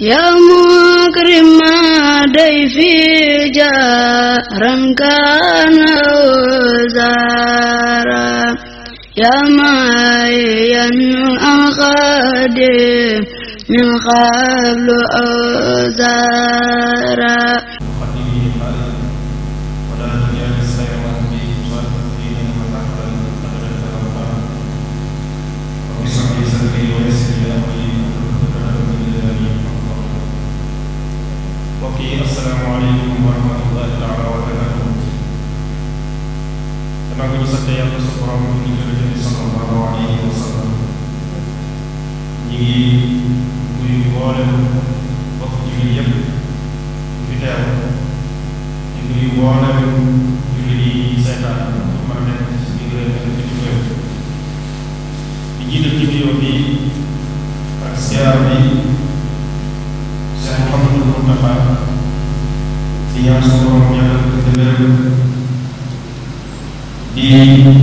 يا مكرم ضيفي جارا كان وزارا يا مايا أخادي من قبل أزارا te yàlla sa borom ñu ngi jële ci sallallahu alayhi wa sallam ñu ngi nuyu mboolem bokk jullit yépp fi teew ñu nuyu mboolem jullit yi seetaan bu mën a nekk ci biir réew mi ci réew di jiital ci nuyoo bi ak siyaar bi seen Muhammadul Muntaxa di ñaan sa borom yàlla ko di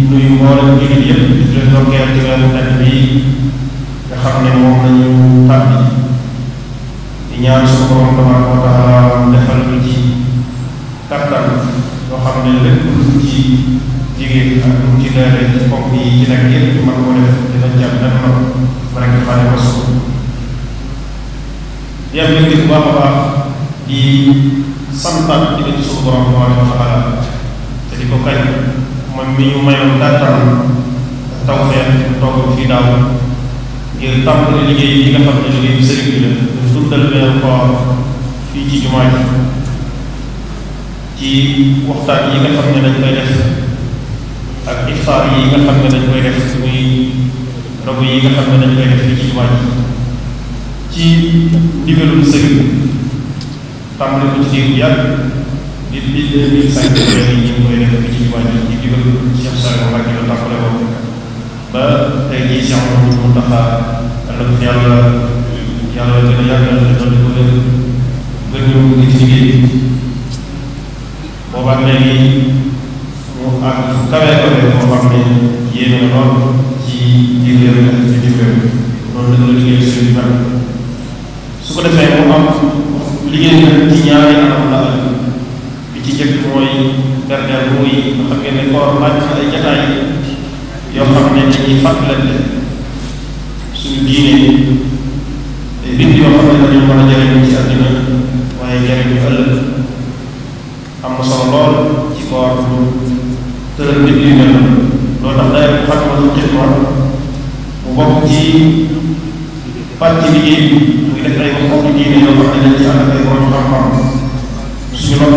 nuyu mboolem jullit yëpp di leen ndokkeel ci weeru tedd bi nga di ñaan suñu borom tabaraka wa taala defal ñu ci kattan loo xam ne lu ci jigéen ak lu ci leere ci bopp yi ci ko def jàpp ma rek di am di ci suñu borom tabaraka taala te di ko moom mi ñu mayoon dàttal tawfeex mu toog fii daaw ngir tàmbali liggéey yi nga xam ne liggéey bi sëriñ bi la ñu dundal weeru koor fii ci jumaa ji ci waxtaan yi nga xam ne dañ koy def ak iftaar yi nga xam ne dañ koy def muy rob yi nga xam ne dañ koy def fii ci jumaa ji ci ndigalum sëriñ tàmbali ko ci diir bu yàgg depuis deux mille cinq ñu ngi koy def ci wàññi ci digal Cheikh Saliou Mbacké ñu tàqale woon ba tey jii Cheikh Mouhamadou Moustapha yàlla yàlla gën a yàggal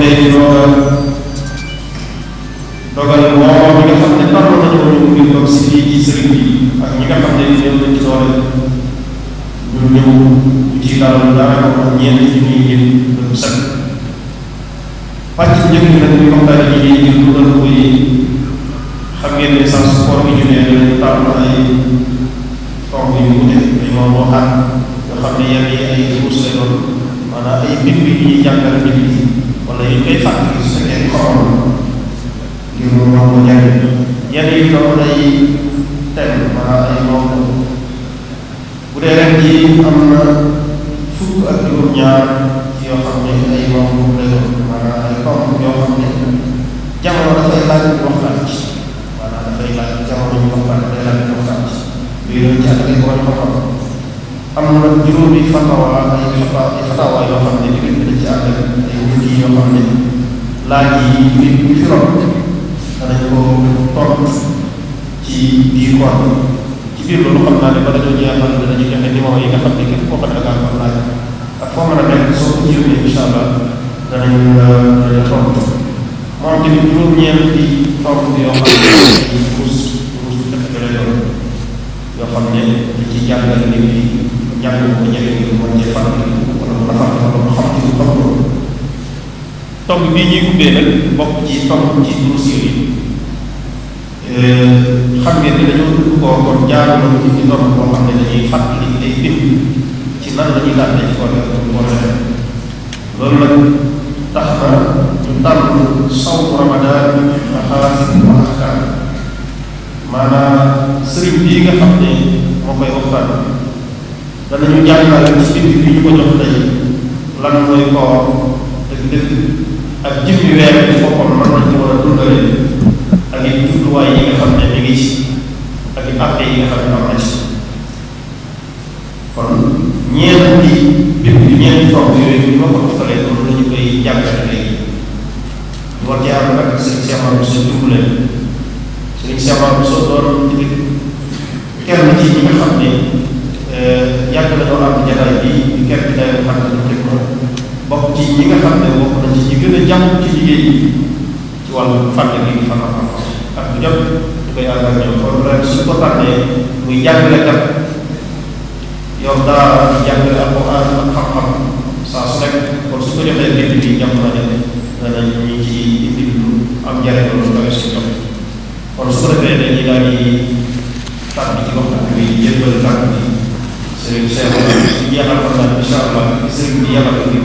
Lady Roman wa dafay laaj waxtaan maanaam dafay laaj jamono ñu waxtaan day laaj waxtaan lii lañ jàngale ko wala ko am na nag juróomi fatawa ay fatawa fatawa yoo xam ne diggante ci ak ay wut yi yoo xam ne laaj yi nit ñu fi rob danañ ko topp ci biir koor ci biir xam ba yi nga xam ne ko ak moom tamit juróom-ñeent yi tomb yoo xam ne ay cours cours dafa la yoon yoo xam ne li ci jàngal nit ñi jàng ko ñebe bi mën cee fàttali wala mu rafetlu wala mu xam ci lu tomb loolu tomb bii ñuy ubbee nag bokk ci tomb ci cours yooyu euh, xam ngeen ne dañoo dugg koo kon jaaru na ci ci norme boo xam ne dañuy fàttali day bind ci nan la ñuy daan dañ ko def loolu nag tahta tentang saum ramadhan mahal mahkam mana sering dia hati mampai ofan dan yang jangan lagi mesti diri juga jauh tadi lalu mereka tegdek ajib juga yang dipokok mana itu orang tu dari lagi kedua yang akan menjadi lagi pakai yang akan menjadi ñeenti depuis ñeenti tomb yooyu bi ñu ma ko defalee loolu la ñu koy jàngale léegi ñu war jaar nag sëñ Cheikh bi sa dimbale sëñ Cheikh bi sa doon di kenn ci ñi nga xam ne euh, yàgg na doon am jataay bi kenn day xam ne lu ko bokk ci ñi nga xam ne bokk na ci ñi gën a jàpp ci liggéey bi ci wàllu fànn gi fan ak bu jot ñu koy àndal ñoom kon su ko tànnee muy jàngale kat yolda yang alquran ak xam-xam saa su nekk kon su ko joxee nit ñi jàpp na ne danañ ñu ci indi yang am njëriñ lu nawet si ñoom kon su ko defee dañuy di allah sering dia yàlla ko di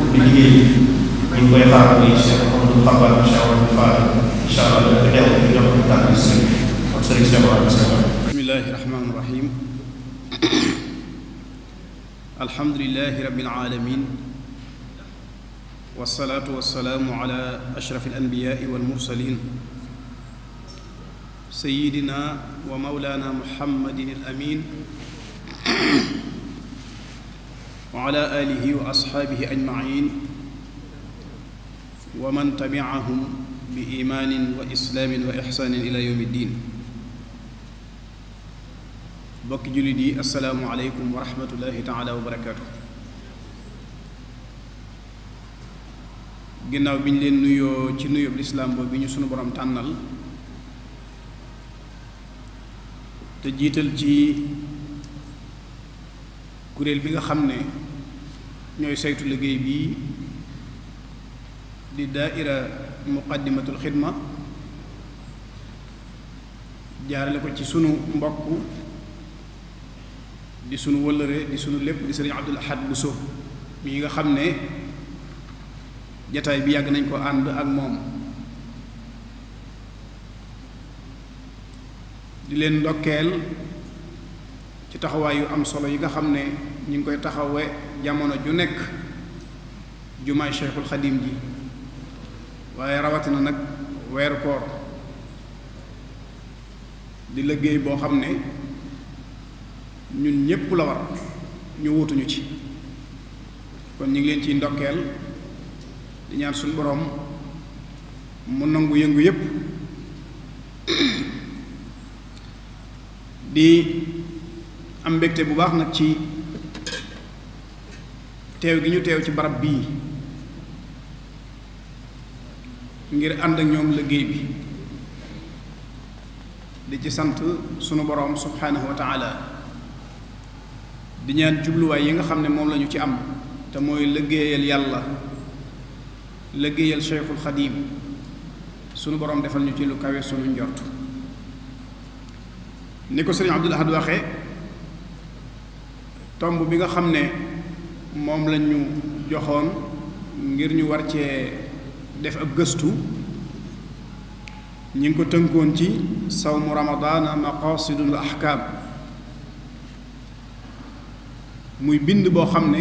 ubbi liggéey ñu ngi koy xaar muy allah allah الحمد لله رب العالمين والصلاة والسلام على أشرف الأنبياء والمرسلين سيدنا ومولانا محمد الأمين وعلى آله وأصحابه أجمعين ومن تبعهم بإيمان وإسلام وإحسان إلى يوم الدين mbokki jullit yi asalaamu aleykum wa rahmatullahi taala wa barakaatu ginnaaw bi ñu leen nuyoo ci nuyób lislaam boobu bi ñu sunu borom tànnal te jiital ci kuréel bi nga xam ne ñooy saytu liggéey bii di daaira muqaddimatul xidma jaarale ko ci sunu mbokk di sunu wëllëre di suñu lépp di sëriñ Abdul Ahad Buso yi nga xam ne jataay bi yàgg nañ ko ànd ak moom di leen ndokkeel ci taxawaay yu am solo yi nga xam ne ñu ngi koy taxawe jamono ju nekk jumaay Cheikhul Xadim ji waaye rawatina nag weeru koor di liggéey boo xam ne ñun ñépp la war ñu wutuñu ci kon ñu ngi leen ciy ndokkeel di ñaan suñu boroom mu nangu yëngu yépp di am mbégte bu baax nag ci teew gi ñu teew ci barab bii ngir ànd ak ñoom liggéey bi di ci sant sunu boroom subhanahu di ñaan jubluwaay yi nga xam ne moom la ñu ci am te mooy liggéeyal yàlla liggéeyal cheikhul xadim sunu borom defal ñu ci lu kawe sunu njort ni ko sëriñ Abdul Ahad waxee tomb bi nga xam ne moom la ñu joxoon ngir ñu war cee def ab gëstu ñi ngi ko tënkoon ci sawmu ramadaana maqasidul ahkaam muy bind boo xam ne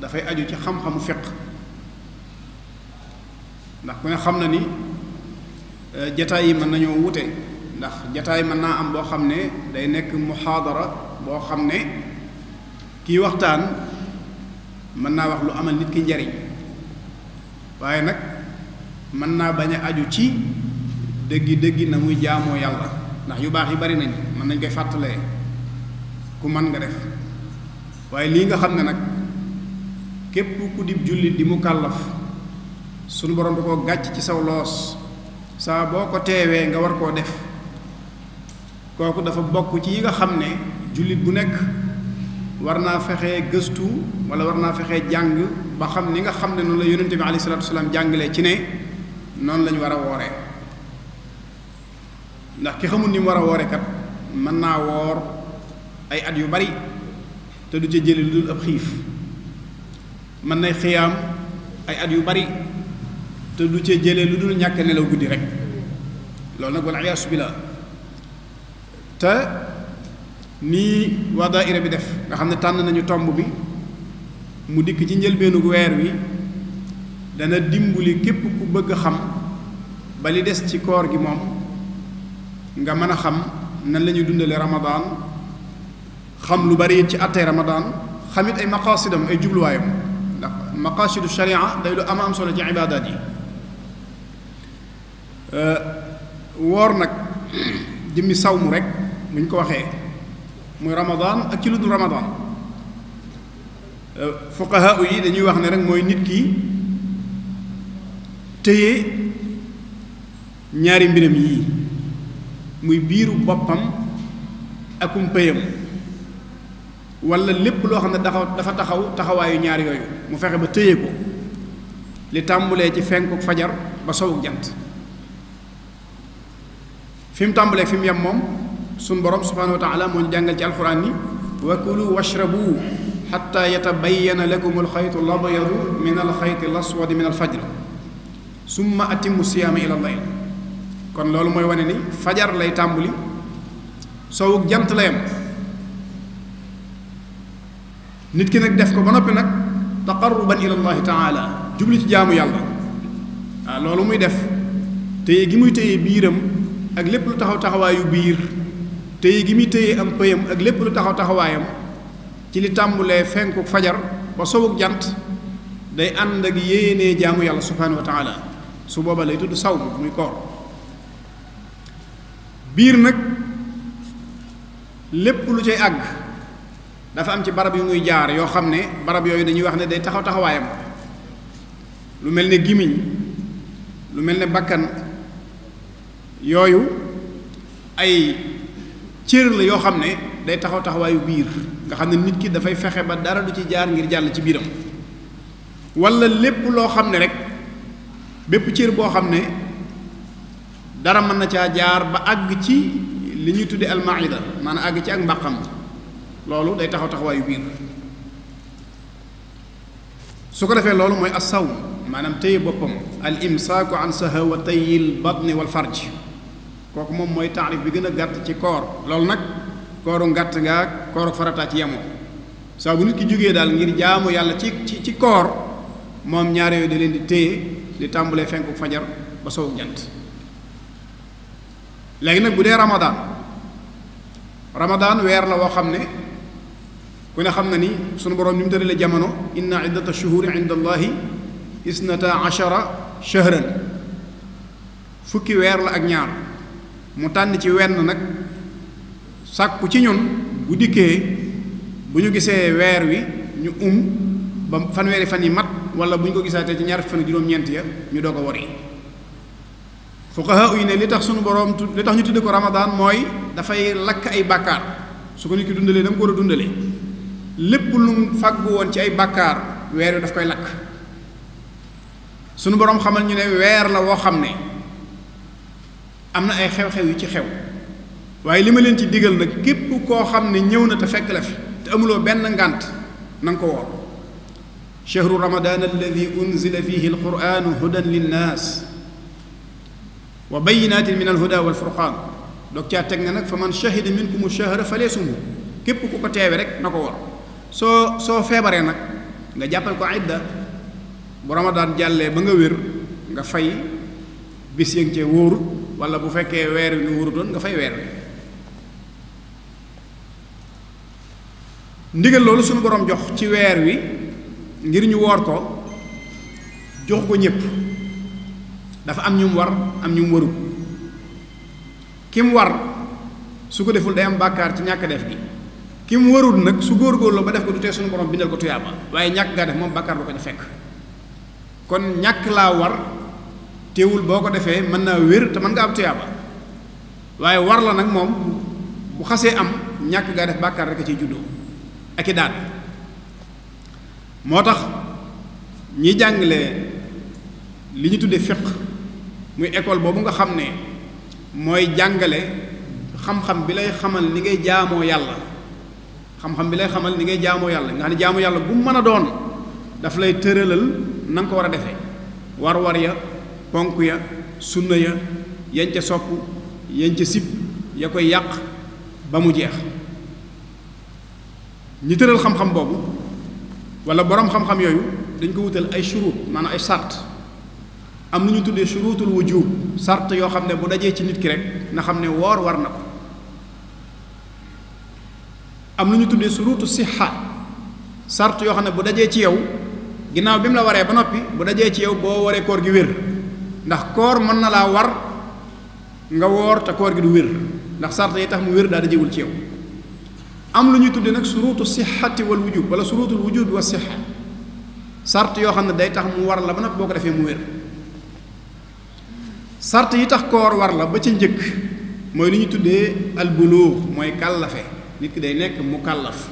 dafay aju ci xam-xamu fiq ndax ku ne xam na ni euh, jataay yi mën nañoo wute ndax jataay mën naa am boo xam ne day nekk muhaadara boo xam ne kiy waxtaan mën naa wax lu amal nit ki njariñ waaye nag mën naa bañ a aju ci dëggi dëggi na muy jaamoo yàlla ndax yu baax yi bari nañ mën nañ koy fàttalee ku mën nga def waaye lii nga xam ne nag képp ku dib jullit di mu kàllaf sunu borom da koo gàcc ci saw loos saa boo ko teewee nga war koo def kooku dafa bokk ci yi nga xam ne jullit bu nekk war naa fexee gëstu wala war naa fexee jàng ba xam ni nga xam ne noonu la yonente bi alayhi salaatu wasalaam jàngalee ci ne noonu la war a woore ndax ki xamul ni mu war a wooree kat mën naa woor ay at yu bari te du ca jëli lu dul ab xiif man nay xiyaam ay at yu bari te du ca jëlee lu dul ñàkk nelaw guddi rek loolu nag wala ayaasu billah te ni waa daaira bi def nga xam ne tànn nañu tomb bi mu dikk ci njëlbeenu weer wi dana dimbali képp ku bëgg xam ba li des ci koor gi moom nga mën xam nan la ñuy xam lu bari ci atay ramadan xamit ay maqasidam ay jubluwaayam ndax maqasidu sharia day lu am am solo ci ibadat yi wor nak dimi sawmu rek buñ ko waxe moy ramadan ak ci lu dul ramadan fuqaha yi dañuy wax ne rek moy nit ki téye ñaari mbiram yi muy biiru bopam akum peyam wala lépp lo xamne dafa dafa taxaw taxawayu ñaar yooyu mu fexe ba téye ko li tambulé ci fenkuk fajar ba sowuk jant fim tambulé fim yam mom sun borom subhanahu wa taala mo jàngal ci alquran ni wa kulu washrabu hatta yatabayyana lakum alxaytu labyadu min alxayti laswadi min alfajr summa atimu siyama ila layl kon lolu moy wone ni fajar lay tàmbuli sowuk jant lay am nit ki nak def ko ba nopi nak taqarruban ila allah taala jubli ci jaamu yàlla waaw loolu muy def téye gi muy téye biiram ak lépp lu taxaw taxawayu biir téye gi mi téye am pëyam ak lépp lu taxaw taxawayam ci li tambule fenku fajar ba sobuk jant day ànd ak yene jaamu yàlla subhanahu wa taala su boba lay tuddu sawm muy koor biir nak lépp lu cey ag dafa am ci barab yu muy jaar yoo xam ne barab yooyu dañuy wax ne day taxaw taxawaayam lu mel ne gimiñ lu mel ne bakkan yooyu ay cër la yoo xam ne day taxaw taxawaayu biir nga xam ne nit ki dafay fexe ba dara du ci jaar ngir jàll ci biiram walla lépp loo xam ne rek bépp cër boo xam ne dara mën na caa jaar ba àgg ci li ñuy tudde almaida maanaam àgg ci ak mbàqam loolu day taxaw taxawaayu biir su ko defee loolu mooy asaw maanaam téye boppam al imsaaku an sahawatayil batni wal farj kooku moom mooy taarif bi gën a gàtt ci koor loolu nag kooru ngàtt nga kooru farata ci yemoo saa bu nit ki jógee daal ngir jaamu yàlla ci ci ci koor moom ñaar yooyu da di téye di tàmbalee fenku fajar ba sowu jant léegi nag bu dee ramadaan ramadaan weer la woo xam ne ku ne xam na ni sunu borom ni mu tëralee jamono inna iddata shuhuri inda allahi isnata ashara shahran fukki weer la ak ñaar mu tànn ci wenn nag sàkku ci ñun bu dikkee bu ñu gisee weer wi ñu um fan yi mat wala bu ko gisaatee ci ñaar fan ñu doog a wari ne li tax sunu borom li tax ñu tudd ko Ramadan mooy dafay lakk ay bàkkaar su ko nit ki dundalee dama ko war a dundalee lépp lu mu fàggu woon ci ay bàkkaar weer wi daf koy lakk sunu boroom xamal ñu ne weer la woo xam ne am na ay xew-xew yu ci xew waaye li ma leen ci digal nag képp koo xam ne ñëw na te fekk la fi te amuloo benn ngànt na nga ko woor chahru ramadan alladi unzila fihi alquranu hudan linnas wa bayinatin min alhuda walfurqan doog caa teg na nag fa man shahida minkum shahra falyasumhu képp ku ko teewe soo soo feebaree nag nga jàppal ko idda bu daan jàllee ba nga wér nga fay bis yëng cee wóorut wala bu fekkee weer wi nga wóorutoon weer wi loolu suñu borom jox ci weer wi ngir ñu woor ko jox ko ñépp dafa am ñu war am ñu mu warut ki mu war su ko deful day am bàkkaar ci ñàkk def gi ki mu warul nag su la ba def ko du tee suñu borom bindal ko tuyaaba waaye ñàkk ngaa def moom bàkkaar du ko ñu fekk kon ñàkk laa war teewul boo ko defee mën naa wér te mën nga am tuyaaba waaye war la nag moom bu xasee am ñàkk ngaa def bàkkaar rek a ciy juddoo ak i daan moo tax ñi jàngale li ñu tuddee fiq muy école boobu nga xam ne mooy jàngale xam-xam bi lay xamal li ngay jaamoo yàlla xam-xam bi lay xamal ni ngay jaamoo yàlla nga xam ne jaamu yàlla bu mën a doon daf lay tëralal nanga ko war a defee war-war ya ponk ya sunna ya yañ ca sopp yañ ca sib ya koy yàq ba mu jeex ñi tëral xam-xam boobu wala boroom xam-xam yooyu dañ ko wutal ay shuruut maanaam ay sart am na ñu tuddee wu wujub sart yoo xam ne bu dajee ci nit ki rek na xam ne woor war na ko am lu ñu tuddee suruutu sixa sart yoo xam ne bu dajee ci yow ginnaaw bi mu la waree ba noppi bu dajee ci yow boo waree koor gi wér ndax koor mën na laa war nga woor te koor gi du wér ndax sart yi tax mu wér daal dajewul ci yow am lu ñuy tuddee nag suruutu sixati wal wujub wala suruutul wujub wa sixa sart yoo xam ne day tax mu war la ba noppi boo ko defee mu wér sart yi tax koor war la ba ca njëkk mooy lu ñu tuddee albuluux mooy kàllafe nit ki day nekk mu kàllaf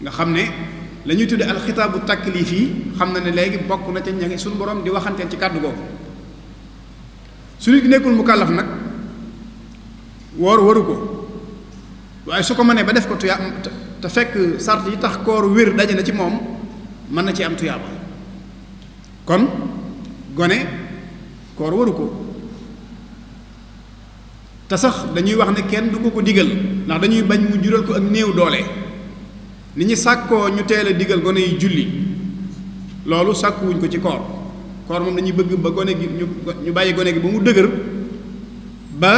nga xam ne la ñuy tudde alxitaabu taklif yi xam na ne léegi bokk na ca ñangi suñu borom di waxanteen ci kàddu googu su nit ki nekkul mu kàllaf nag woor waru ko waaye su ko mënee ba def ko tuya te fekk sart yi tax koor wér daje na ci moom mën na ci am tuyaaba kon gone koor waru ko te sax dañuy wax ne kenn du ko ko digal ndax dañuy bañ mu jural ko ak néew doole ni ñu sàkkoo ñu teel a diggal gone yi julli loolu sàkkuwuñ ko ci koor koor moom dañuy bëgg ba gone gi ñu ñu bàyyi gone gi ba mu dëgër ba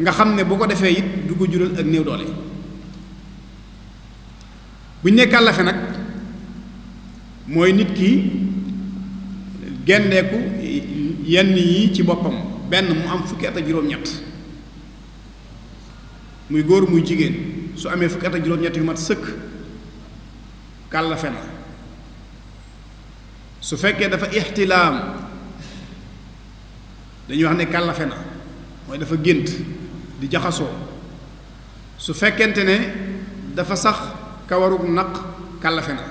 nga xam ne bu ko defee it du ko jural ak néew doole bu ñu ne kàllafe nag mooy nit ki genneeku yenn yi ci boppam benn mu am fukki at juróom-ñett muy góor muy jigéen su amee fukki at ak juróom ñett yu mat sëkk kàllafe na su fekkee dafa ixtilaam dañuy wax ne kàllafe na mooy dafa gént di jaxasoo su fekkente ne dafa sax kawarug naq kàllafe na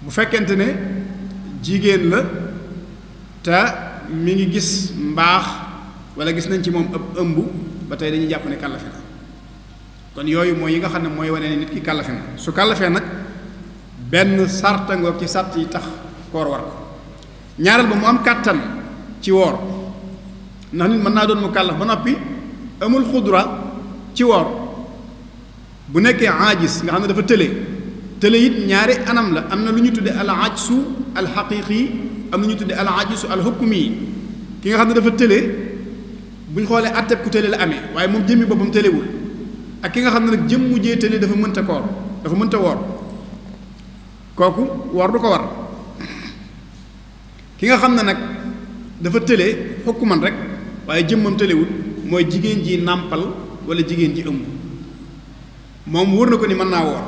bu fekkente ne jigéen la te mi ngi gis mbaax wala gis nañ ci moom ab ëmb ba tey dañuy jàpp ne kàllafe na kon yooyu mooy yi nga xam ne mooy wane ne nit ki kàllafe na su kàllafee nag benn sarta ngoog ci sart yi tax koor war ko ñaareel ba mu am kàttan ci woor ndax nit mën naa doon mu kàllaf ba noppi amul xudra ci woor bu nekkee aajis nga xam ne dafa tële tële it ñaari anam la am na lu ñu tudde al aajsu al xaqiqi am na ñu tudde al aajsu al hukmi ki nga xam ne dafa tële buñ xoolee atteb ku tële la amee waaye moom jëmmi boppam tëlewul ak ki nga xam ne nag jëm mu jee tële dafa mënta koor dafa mënta woor kooku woor du ko war ki nga xam ne nag dafa tële xokku man rek waaye jëmmam tëlewul mooy jigéen ji nàmpal wala jigéen ji ëmb moom wër na ko ni mën naa woor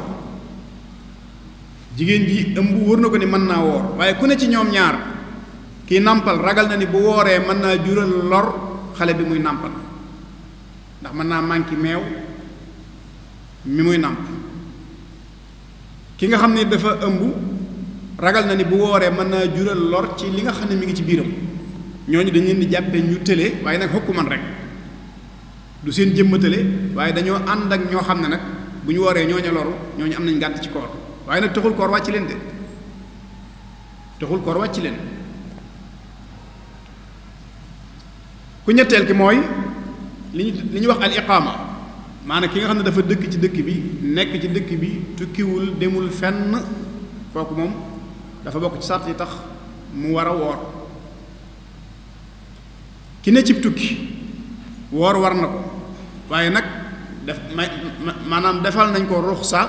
jigéen ji ëmb wër na ko ni mën naa woor waaye ku ne ci ñoom ñaar kii nàmpal ragal na ni bu wooree mën naa jural lor xale bi muy nàmpal ndax mën naa manqué meew mi muy nàmp ki nga xam ne dafa ëmb ragal na ni bu wooree mën naa jural lor ci li nga xam ne mu ngi ci biiram ñooñu dañu leen di jàppee ñu tële waaye nag xukku man rek du seen jëmma tële waaye dañoo ànd ak ñoo xam ne nag bu ñu wooree ñooñu loru ñooñu am nañ gànt ci koor waaye nag toxul koor wàcc leen de taxul koor wàcc leen ku ñetteel ki mooy li ñu li ñuy wax al iqaama maanaam ki nga xam ne dafa dëkk ci dëkk bi nekk ci dëkk bi tukkiwul demul fenn kooku moom dafa bokk ci sart yi tax mu war a woor ki ne cib tukki woor war na ko waaye nag def maanaam defal nañ ko ruxsa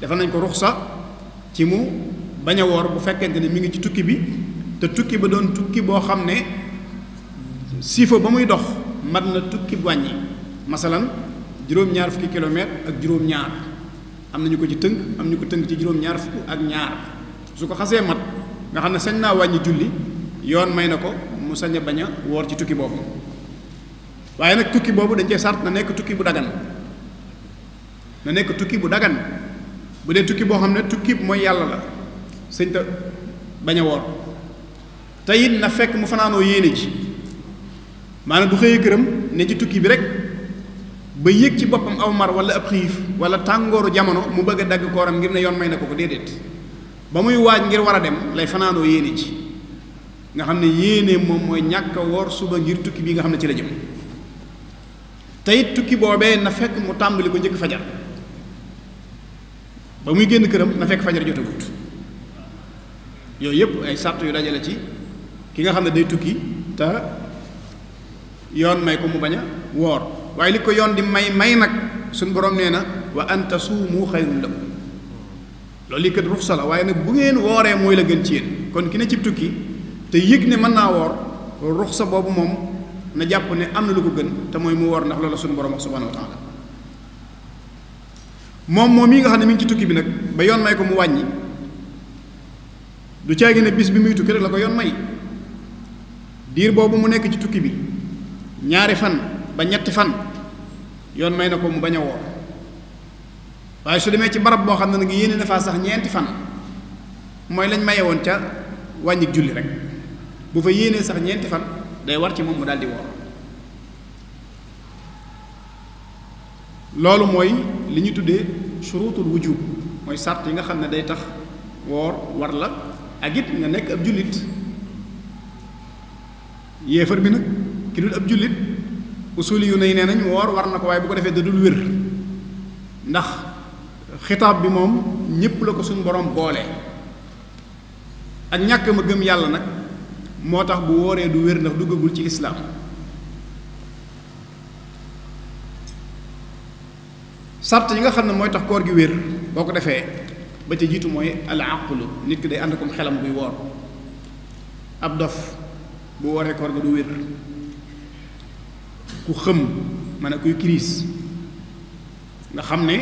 defal nañ ko ruxsa ci mu bañ a woor bu fekkente ne mi ngi ci tukki bi te tukki ba doon tukki boo xam ne siifo ba muy dox mat na tukki wàññi masalan juróom-ñaar fukki kilomètre ak juróom-ñaar am nañu ko ci tënk am ñu ko tënk ci juróom-ñaar fukk ak ñaar su ko xasee mat nga xam ne sañ naa wàññi julli yoon may na ko mu sañ a bañ a woor ci tukki boobu waaye nag tukki boobu dañ cee sart na nekk tukki bu dagan na nekk tukki bu dagan bu dee tukki boo xam ne tukki mooy yàlla la sëñ bañ a woor te it na fekk mu fanaanoo yéene ji maanaam du xëye këram ne ci tukki bi rek ba yëg ci boppam aw mar wala ab xiif wala tàngooru jamono mu bëgg a dagg kooram ngir ne yoon may na ko ko déedéet ba muy waaj ngir war a dem lay fanaanoo yéene ci nga xam ne yéene moom mooy ñàkk a suba ngir tukki bi nga xam ne ci la jëm tey tukki boobee na fekk mu tàmbali ko njëkk fajar ba muy génn këram na fekk fajar jotagut yooyu yëpp ay sàrt yu dajale ci ki nga xam ne day tukki te yoon may ko mu baña woor waaye li ko yoon di may may nag suñ borom nee na wa an tasuumu xayrun lakum loolu yi kat ruxsa la waaye nag bu ngeen wooree mooy la gën ci yéen kon ki ne cib tukki te yëg ne mën naa woor ruxsa boobu moom na jàpp ne am na lu ko gën te mooy mu woor ndax loolu suñu borom wax subhanahu wa taala moom moom yi nga xam ne mi ci tukki bi nag ba yoon may ko mu wàññi du caagi ne bis bi muy tukki rek la ko yoon may diir boobu mu nekk ci tukki bi ñaari fan ba ñetti fan yoon may na ko mu bañ a woor waaye su demee ci barab boo xam ne nag yéene na sax ñeenti fan mooy lañ maye woon ca wàññi julli rek bu fa yéenee sax ñeenti fan day war ci moom mu daal di woor loolu mooy li ñu tuddee surutul wujub mooy sart yi nga xam ne day tax woor war la ak it nga nekk ak jullit yéefar bi nag ki dul ab jullit usuli yu nay nee nañ woor war na ko waaye bu ko defee da dul wér ndax xitaab bi moom ñépp la ko suñu boroom boole ak ñàkk ma gëm yàlla nag moo tax bu wooree du wér ndax duggagul ci lislaam sart yi nga xam ne mooy tax koor gi wér boo ko defee ba ca jiitu mooy al àqulu nit ki day ànd kom xelam buy woor ab dof bu wooree koor ga du wér ku xëm ma ne kuy crise nga xam ne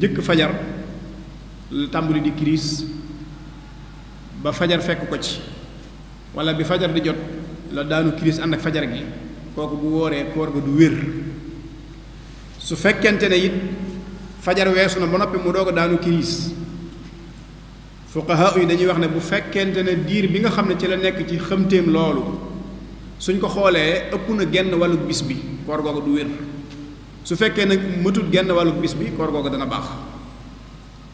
njëkk fajar la tàmbali di crise ba fajar fekk ko ci walla bi fajar di jot la daanu crise ànd ak fajar gi kooku bu wooree koor ga du wér su fekkente ne it fajar weesu na ba noppi mu doog a daanu crise fuqaha yi dañuy wax ne bu fekkente ne diir bi nga xam ne ci la nekk ci xëmteem loolu suñ ko xoolee ëpp na genn wàllu bis bi koor googu du wér su fekkee nag mëtul genn wàllu bis bi koor googu dana baax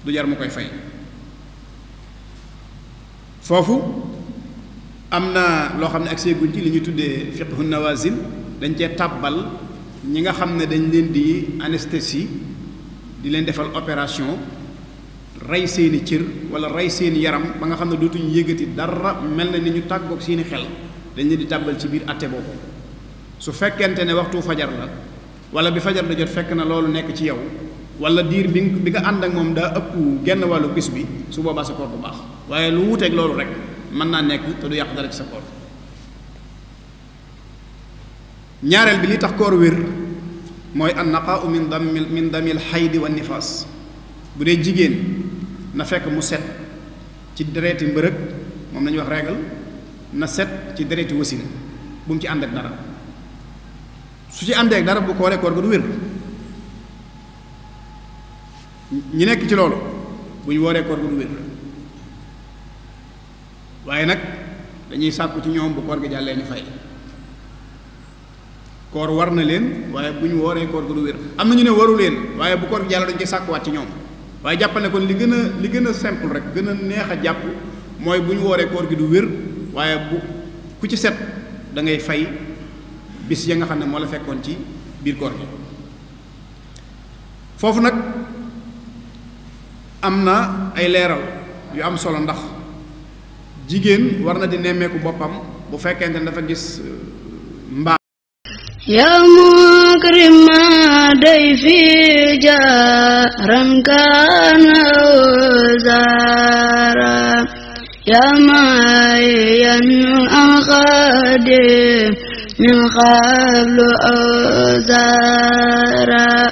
du jar mu koy fay foofu am na loo xam ne ak seeguñ ci li ñuy tuddee fiqhu nawazil dañ cee tàbbal ñi nga xam dañ leen di anesthésie di leen defal opération rey seeni cër wala rey seeni yaram ba nga xam ne dootuñu yëgati dara mel na ni ñu tàggoog seeni xel dañ leen di tàbbal ci biir atte boobu su fekkente ne waxtu fajar la wala bi fajar la jot fekk na loolu nekk ci yow wala diir bi bi nga ànd ak moom daa ëpp genn wàllu bis bi su boobaa sa koor du baax waaye lu loolu rek mën naa nekk te du yàq dara ci sa koor ñaareel bi li tax koor wér mooy an naqaau min damil min damil xaydi wa nifas, bu dee jigéen na fekk mu set ci dereeti mbërëg moom la wax régal na set ci dereti wasin bu mu ci ànd ak dara su ci àndee ak dara bu kooree koor ga du wér ñi nekk ci loolu bu ñu wooree koor ga du wér waaye nag dañuy sàkku ci ñoom bu koor gi jàllee ñu fay koor war na leen waaye bu ñu wooree koor ga du wér am na ñu ne waru leen waaye bu koor gi jàllee dañu ci sàkkuwaat ci ñoom waaye jàppal ne ko li gën a li gën a simple rek gën a neex a jàpp mooy bu ñu wooree koor gi du wér waaye bu ku ci set da ngay fay bis ya nga xam ne moo la fekkoon ci biir koor gi foofu nag am na ay leeral yu am solo ndax jigéen war na di nemmeeku boppam bu fekkente dafa gis uh, mbaa Ya مكرم دي في جارا kana وزارا يا معي من قبل أزارا